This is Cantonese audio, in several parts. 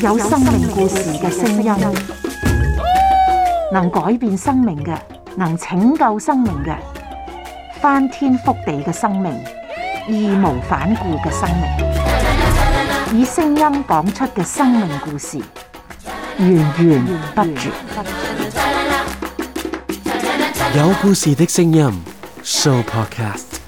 有生命故事嘅聲音，能改變生命嘅，能拯救生命嘅，翻天覆地嘅生命，義無反顧嘅生命，以聲音講出嘅生命故事，源源不絕。有故事嘅聲音，Show Podcast。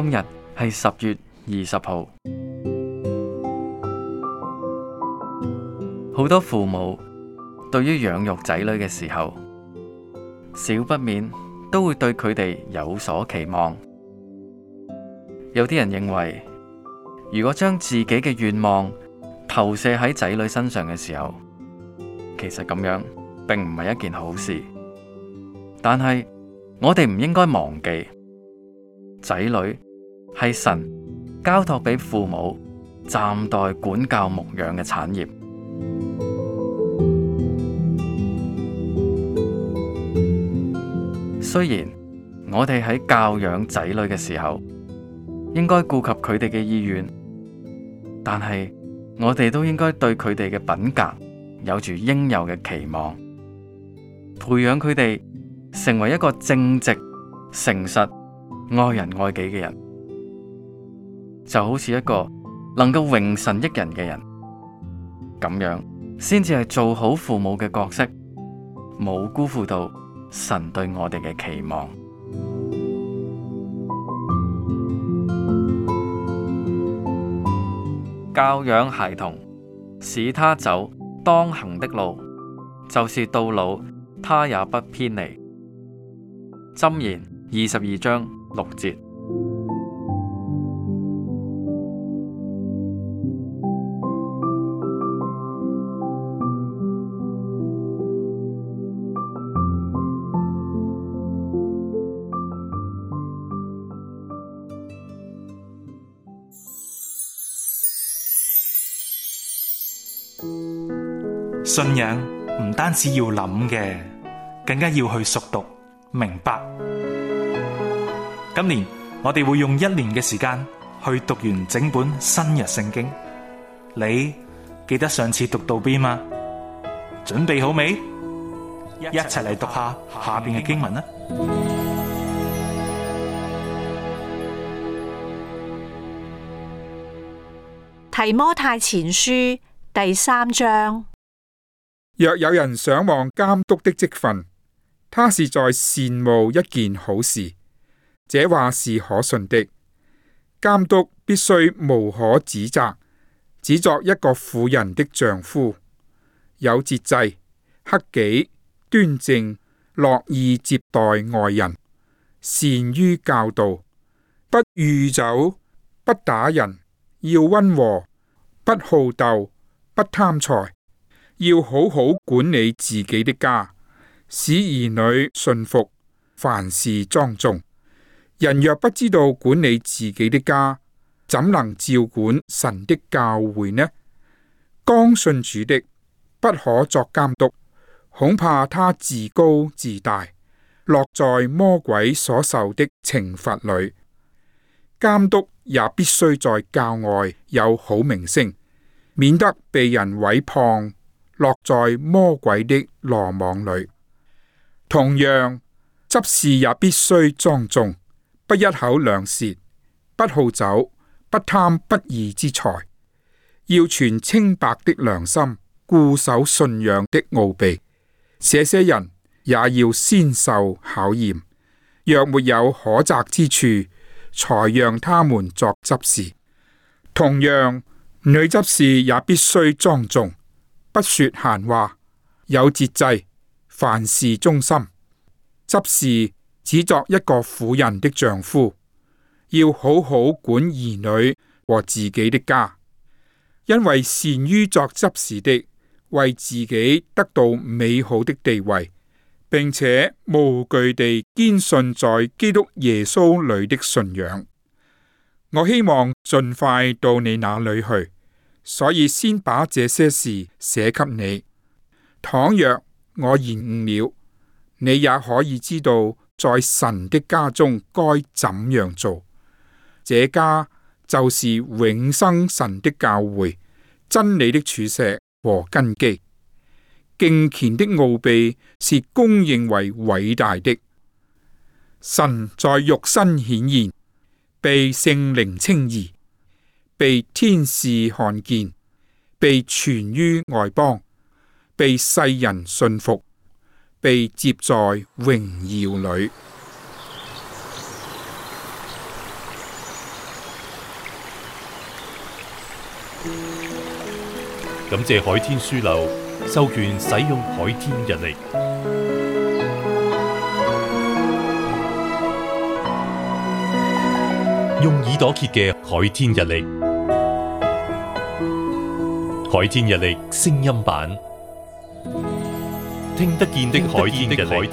今日係十月二十號。好多父母對於養育仔女嘅時候，少不免都會對佢哋有所期望。有啲人認為，如果將自己嘅願望投射喺仔女身上嘅時候，其實咁樣並唔係一件好事。但係我哋唔應該忘記仔女。係神交託俾父母暫代管教牧養嘅產業。雖然我哋喺教養仔女嘅時候，應該顧及佢哋嘅意願，但係我哋都應該對佢哋嘅品格有住應有嘅期望，培養佢哋成為一個正直、誠實、愛人愛己嘅人。就好似一個能夠榮神益人嘅人咁樣，先至係做好父母嘅角色，冇辜負到神對我哋嘅期望。教養孩童，使他走當行的路，就是到老，他也不偏離。箴言二十二章六節。信仰唔單止要諗嘅，更加要去熟讀明白。今年我哋會用一年嘅時間去讀完整本新約聖經。你記得上次讀到邊嗎？準備好未？一齊嚟讀下下邊嘅經文啦。提摩太前書。第三章，若有人想望監督的職分，他是在羨慕一件好事。這話是可信的。監督必須無可指責，只作一個婦人的丈夫，有節制、克己、端正、樂意接待外人，善於教導，不酗酒，不打人，要溫和，不好鬥。不貪財，要好好管理自己的家，使兒女信服，凡事莊重。人若不知道管理自己的家，怎能照管神的教會呢？剛信主的不可作監督，恐怕他自高自大，落在魔鬼所受的懲罰裏。監督也必須在教外有好名聲。免得被人毀謗，落在魔鬼的羅網裏。同樣，執事也必須莊重，不一口兩舌，不好酒，不貪不義之財，要存清白的良心，固守信仰的奧秘。這些人也要先受考驗，若沒有可責之處，才讓他們作執事。同樣。女執事也必須莊重，不說閒話，有節制，凡事忠心。執事只作一個婦人的丈夫，要好好管兒女和自己的家。因為善於作執事的，為自己得到美好的地位，並且無懼地堅信在基督耶穌裏的信仰。我希望盡快到你那裏去，所以先把這些事寫給你。倘若我延誤了，你也可以知道在神的家中該怎樣做。這家就是永生神的教會，真理的柱石和根基。敬虔的奧秘是公認為偉大的，神在肉身顯現。被聖靈稱義，被天使看見，被傳於外邦，被世人信服，被接在榮耀裏。感謝海天書樓授權使用海天日曆。用耳朵揭嘅《海天日曆》，《海天日曆》聲音版，聽得見的《海天日曆》。